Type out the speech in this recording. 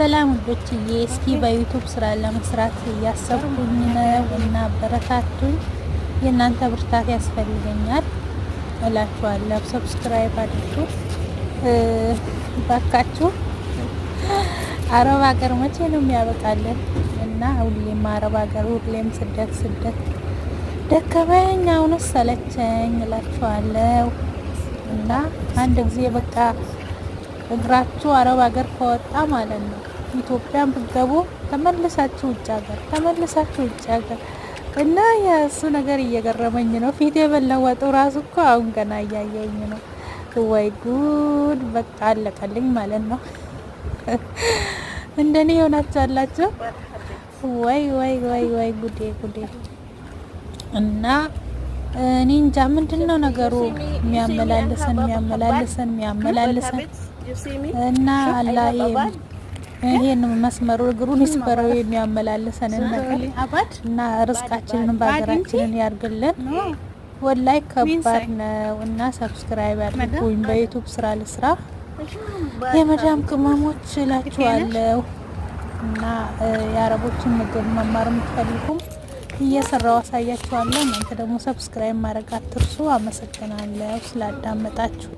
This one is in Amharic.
ሰላም ውዶችዬ፣ እስኪ በዩቱብ ስራ ለመስራት እያሰብኩኝ ነው እና አበረታቱኝ። የእናንተ ብርታት ያስፈልገኛል እላችኋለሁ። ሰብስክራይብ አድርጉ ባካችሁ። አረብ ሀገር መቼ ነው የሚያበቃለን? እና ሁሌም አረብ ሀገር ሁሌም ስደት ስደት ደከመኝ፣ አሁን ሰለቸኝ እላችኋለሁ እና አንድ ጊዜ በቃ እግራችሁ አረብ ሀገር ከወጣ ማለት ነው ኢትዮጵያን ብትገቡ ተመልሳችሁ ውጭ ሀገር ተመልሳችሁ ውጭ ሀገር እና የእሱ ነገር እየገረመኝ ነው። ፊት የበለወጡ ራሱ እኮ አሁን ገና እያየኝ ነው። ወይ ጉድ! በቃ አለቀልኝ ማለት ነው። እንደኔ የሆናችሁ አላችሁ ወይ? ወይ ወይ ወይ ጉዴ ጉዴ! እና እኔ እንጃ ምንድን ነው ነገሩ? የሚያመላልሰን የሚያመላልሰን የሚያመላልሰን እና አላህ ይሄን መስመሩ እግሩን ይስበረው የሚያመላልሰን ነገር እና ርስቃችንን በሀገራችንን ያርግልን። ወላይ ከባድ ነው እና ሰብስክራይብ አድርጉኝ። በዩቱብ ስራ ልስራ የመዳም ቅመሞች እላችኋለሁ። እና የአረቦችን ምግብ መማር የምትፈልጉም እየሰራው አሳያችኋለሁ። እናንተ ደግሞ ሰብስክራይብ ማድረግ አትርሱ። አመሰግናለሁ ስላዳመጣችሁ።